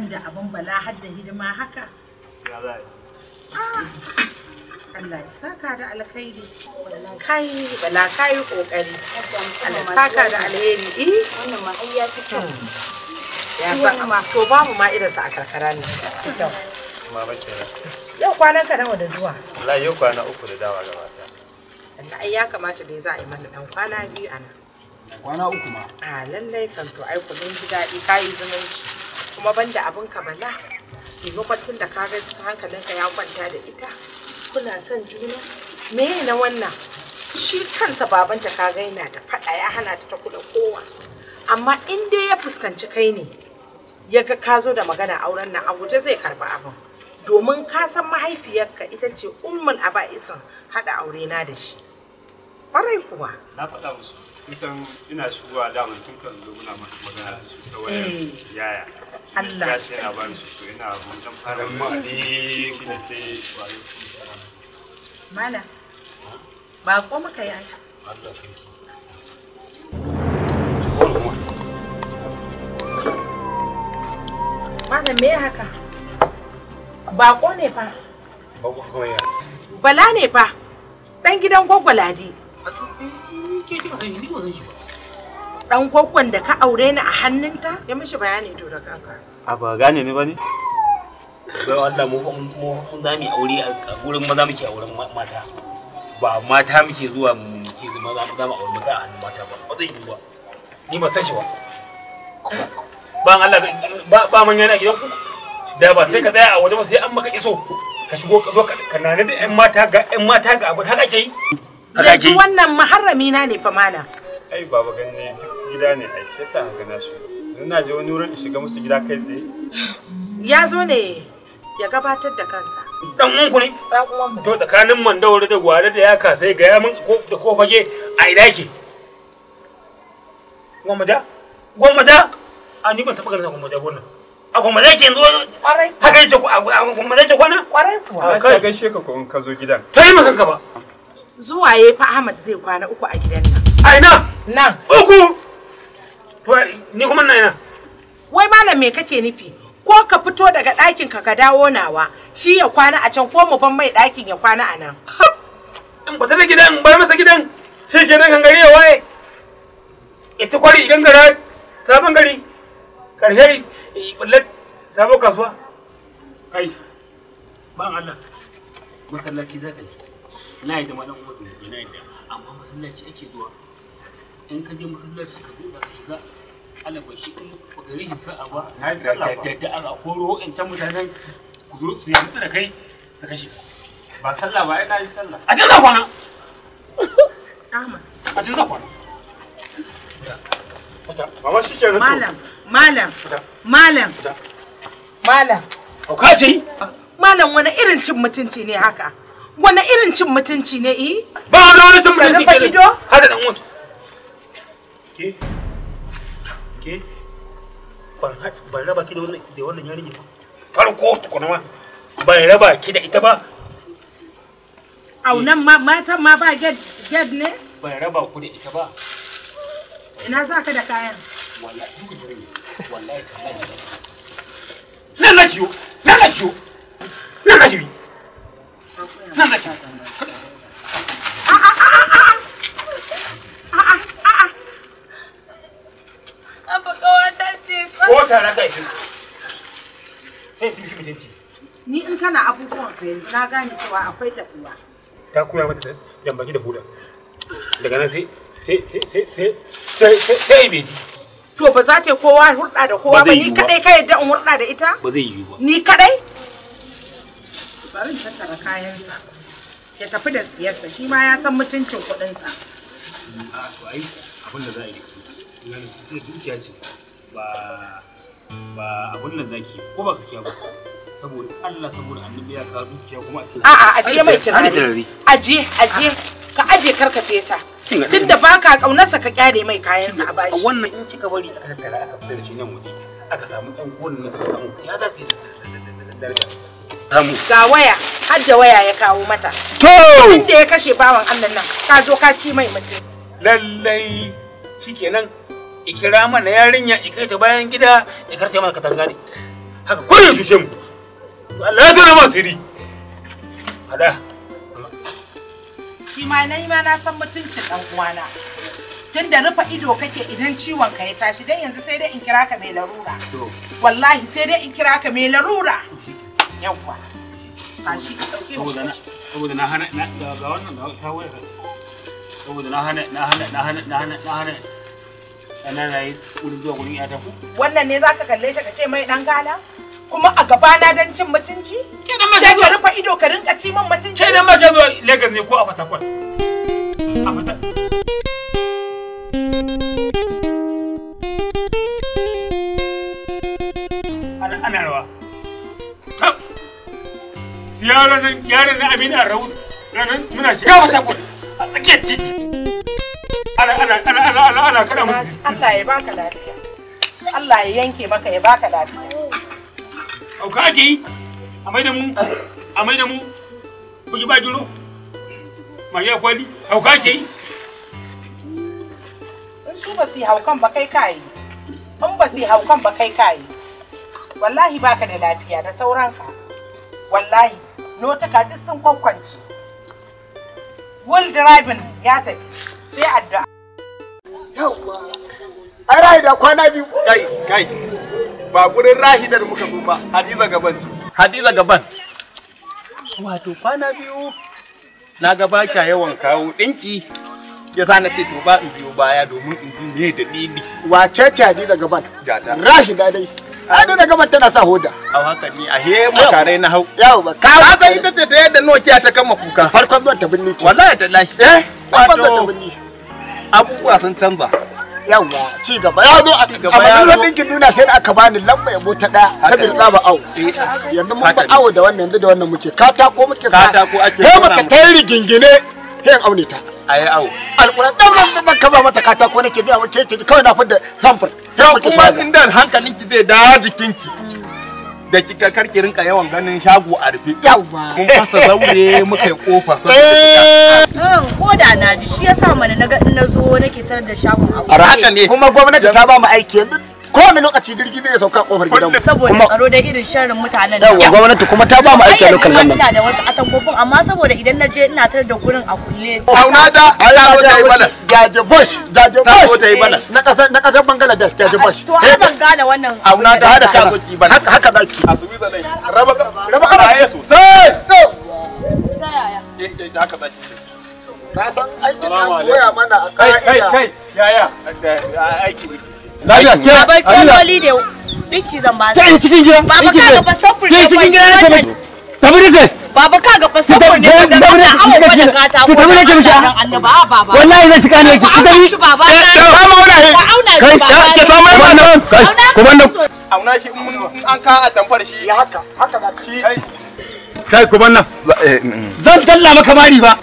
da abin bala har da hidima haka? Ah! Allah ya saka da alkhairi. Kai bala kai kokari. Allah saka da alheri. Eh. Wannan ma ai ya fito. Hmm. Ya ma to ba mu ma a karkara ne. Kyau. Mama kenan. Yau kwanan ka nawa da zuwa? Wallahi yau kwana uku da dawa gaba ta. Sannan ai ya kamata dai za a yi mana dan kwana biyu ana. Kwana uku ma? A ah, lallai kan to ai ku ji kai zumunci. kuma banda abin ka bala tun da ka ga ka ya kwanta da ita kuna son juna me na wannan shi kansa babanta ka ga yana da faɗa ya hana ta ta kula kowa amma in dai ya fuskanci kai ne ya ga ka zo da magana auren nan a ta zai karba abin domin ka san mahaifiyarka ita ce ummul aba'isan haɗa aure na da shi ƙwarai kuwa na faɗa kusan ina shigowa daman tun kan zo muna magana da su ta wayan eh. yaya Allah ya sai na ba su to ina mun dan fara ma ni kina sai wa alaikum salam mala ba ko muka yi mana me haka? Bako ne fa. Bako kawai. Bala ne fa. Dan gidan gwaggwalade. A ke kika san ni ba san dan gwaggon da ka aure ni a hannunta ya mishi bayani to da kanka a ba gane ni ba bai Allah mu mu za mu aure a gurin maza muke auren mata ba mata muke zuwa mu ce maza za mu aure mata a hannun mata ba ba zai yi ba ni ba san shi ba ban Allah ba ba manya na gidanku da ba sai ka tsaya a waje ba sai an maka iso ka shigo ka zo ka nane da 'yan mata ga 'yan mata ga abin haka ke yi yanzu wannan maharami na ne fa mana ai baba ganne duk gida ne ai shi yasa haka na shi na je wani wurin in shiga musu gida kai tsaye ya zo ne ya gabatar da kansa dan uwanku ne to tsakanin mandawari da gwale da yaka sai ga ya mun da ko fage a ina ke gwamnati gwamnati a ni ban taɓa ganin gwamnati wannan a gwamnati ke yanzu haka yake a gwamnati ke kwana kwarai Kai ka gaishe ka ko in ka zo gidan kai masan ka ba zuwa ya fa Ahmad zai kwana uku a gidan nan. A ina? Nan. Uku! Ni kuma na ina? Wai malam me kake nufi? Ko ka fito daga ɗakin ka ka dawo nawa shi ya kwana a can ko mu ban mai ɗakin ya kwana a nan. In ba ta da gidan bar masa gidan shi ke nan gangare ya waye. Ya ci kwari gangara sabon gari karshe ɓullar sabon kasuwa. Kai, ban Allah, masallaci za ka yi. na da malam umar zai na yadda amma masallaci ake zuwa in ka je masallaci ka buɗa ka shiga alabar shi in ba ka rihin sa'a ba da da a ko roƙin ta mutanen ku zo su yamu da kai su kashe ka ba sallah ba ai na yi sallah a jin kwana a jin kwana Mama shi ke Malam, malam, malam, malam. Malam wani irin cin mutunci ne haka? wani irin cin mutunci ne eh ba wani wani cin mutunci ke ne hada dan wato ke ke ban ban raba ki da wannan da wannan yarinya farko tukuna ma ban raba ki da ita ba au nan ma mata ma ba ged ged ne ban raba ku da ita ba ina za ka da kayan wallahi duk wallahi nan na kiyo to yanzu na gane cewa akwai tafiya. ta kura mata jan da huda daga nan sai sai sai sai sai sai sai to ba za ta kowa hurɗa da kowa ba ni kadai ka yadda in hurɗa da ita ba zai yiwu ba ni kadai bari in tattara kayansa ya tafi da siyarsa shi ma ya san mutuncin kuɗinsa a to ai abin da za a yi dukiya ce ba ba abin nan zaki ko ba gaskiya ba saboda Allah saboda annabi ya ka dukiya kuma a a'a aje mai kirari aje aje ka aje karka fesa tun da baka kaunarsa ka kyare mai kayansa a bashi wannan in kika bari aka fitar da shi nan waje aka samu ɗan nan suka samu ya za su yi ga waya har da waya ya kawo mata to da ya kashe bawan Allah nan ka zo ka ci mai mutum lallai shikenan ikira mana yarinya ikaita bayan gida ikarta mana katanga Haka ya cuce mu Allah ya tona ma siri. Hada. Shi ma na ma na san mutuncin ɗan uwana. Tun da rufa ido kake idan ciwon ka ya tashi dan yanzu sai dai in kira ka mai larura. Wallahi sai dai in kira ka mai larura. Yawwa. Tashi ka Saboda na hana ga wannan ga ta Saboda na hana na hana na hana na hana na hana Ana wurin zuwa wurin ya tafi. Wannan ne za ka kalle shi ka ce mai dan gala? kuma a gaba na dan cin mutunci? Sai ka rufe ido ka rinka ci man mutunci? Ke da mace zo Lagos ne ko a Fatakwal? A Fatakwal. Ana rawa. Tab! Siya yaran na Aminu a rawu ranar muna shi. Ga Fatakwal a tsakiyar titi. Ana ana ana ana ana ana kada mutunci. Allah ya baka lafiya. Allah ya yanke maka ya baka lafiya. Auka ake yi? A mai da mu? A mai da mu? Kuji ba jiro? Mariya kwali? Auka ake yi? In su ba haukan bakai kai kayi. In basi haukan bakai kai kayi. Wallahi baka da lafiya da sauran ka, Wallahi notuka duk sun kwankwanci. Wall driving ya tafi sai addu'a. Yawwa. Ai rai da kwana biyu. Kai, kai. ba gurin rahidar muka zo ba hadiza gaban ce hadiza gaban wato kwana biyu na ga ba yawan kawo dinki ya sa na ce to ba in biyo baya domin in ji da dalili wace ce hadiza gaban rashida dai hadiza da gaban tana sa hoda. A haka ni a he makarai na hau. Yau ba. Ka ba ita ce ta yadda nokiya ta kama kuka. Farkon zuwa ta binni. Wallahi ta lahi. Eh? Farkon zuwa ta binni. Abubuwa sun canza. yawa ci gaba ya zo a majalisar ɗinkin duniya sai aka bani lamba yabo ta ɗaya ta birɗa ba awo yanzu mun ba awo da wannan yanzu da wannan muke katako muke sa katako ake sai mata ta yi rigingine sai aune ta a yi awo alƙura ɗan nan ɗan kaba mata katako nake biya wa keke kawai na fidda samfur ya kuma inda hankalinki zai da jikinki da kika karki rinka yawan ganin shago a rufe yawa mun fasa zaure muka yi kofa eh. ko da na ji shi yasa mana na ga na zo nake tarar da shago a haka ne kuma gwamnati ta ba mu aiki yanzu kowane lokaci jirgi zai sauka kofar gidan mu saboda tsaro da irin sharrin mutanen nan yawa gwamnati kuma ta ba mu aiki a lokal gannan ina da wasu atangofin amma saboda idan na je ina tar da gurin a kulle auna da Allah ko ta yi balas jaje bush jaje bush ko ta yi balas na kasar na kasar Bangladesh jaje bush to ai ban gane wannan auna da hada ka zo ki haka haka zaki raba raba kana to ta yaya eh, eh haka zaki ka san aikin mana a kai kai yaya aiki Lafiya cikin gida. Baba cikin gida Baba a cika ne Kai kuma nan. da Kai Zan talla maka ba.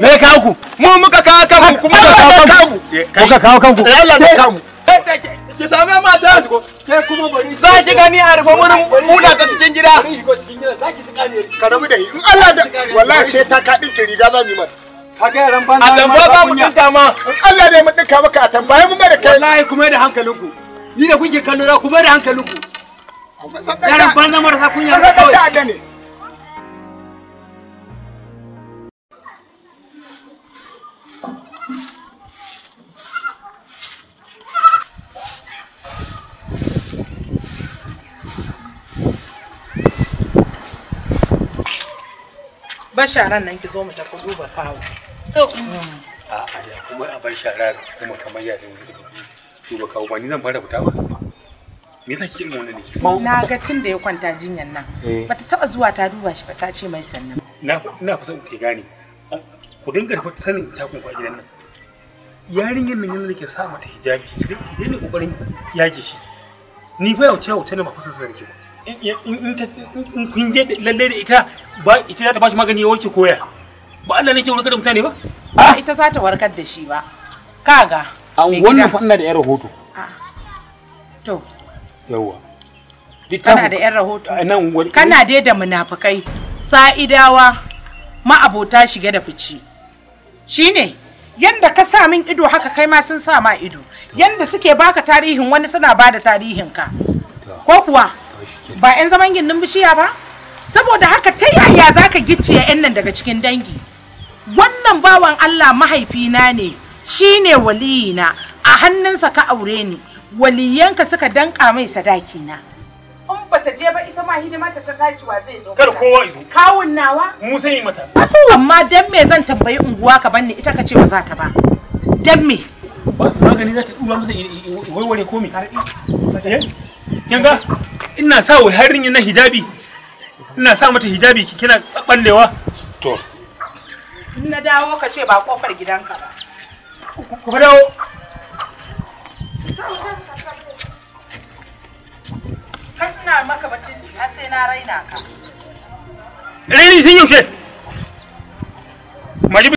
Me ya kawo ku? Mu muka kawo kanmu kawo eh, Muka kawo kanku. Eh, ki same mata ke kuma bari za ki gani a rufe wurin muna ta cikin gida ka rabu da in Allah da wallahi sai ta kadin ki riga za mu mata kaga yaran banza a ba za mu dinka ma in Allah ne mu dinka maka a tambaye mu da kai wallahi kuma da hankalinku ni da kuke kallo za ku bai da hankalinku yaran banza marasa kunya kawai bar sharan nan ki zo mu tafi duba kawo. To. Mm. A a ya kuma a bar shara kuma kamar ya zama duba kawo ba ni zan fara fita ba. Me yasa kike wannan ne? Na ga tun da ya kwanta jinyan nan. Eh. Bata taba zuwa ta duba shi ba ta ce mai sannan. Na na kusa ku gane. Ku dinga sanin takun ku a gidan nan. Yarinyar nan yana ke sa mata hijabi, ki ne kokarin yaji shi. Ni fa yauce yauce ne ma fasa sarki ba. in kun je lalle da ita ba ita za ta shi magani ya warke koya ba Allah ne nake warkar da mutane ba ba ita za ta warkar da shi ba kaga an wannan fa ina da yar rahoto to yawa kana da yar rahoto kana dai da munafukai sa'idawa ma'abota shige da fici shine yanda ka sa min ido haka kai ma sun sa ma ido yanda suke baka tarihin wani suna bada tarihin ka ko kuwa ba 'yan zaman gindin bishiya ba saboda haka ta yaya za ka gicciya 'yan nan daga cikin dangi wannan bawan allah mahaifina ne shi ne waliyina a hannunsa ka aure ni waliyanka suka danka mai sadakina in ta je ba ita ma hidima ta tashi wa zai zo kar kowa izo kawun nawa mu sai mata amma dan me zan tambayi unguwa ka banni ita ka ce ba za ta ba dan me magani za ta dura masa waiware komi kin ga ina sa wa harin na hijabi ina sa mata hijabi kina ballewa to na dawo ka ce ba kofar gidanka ba ku dawo ina maka batunci har sai na raina ka raini sun yaushe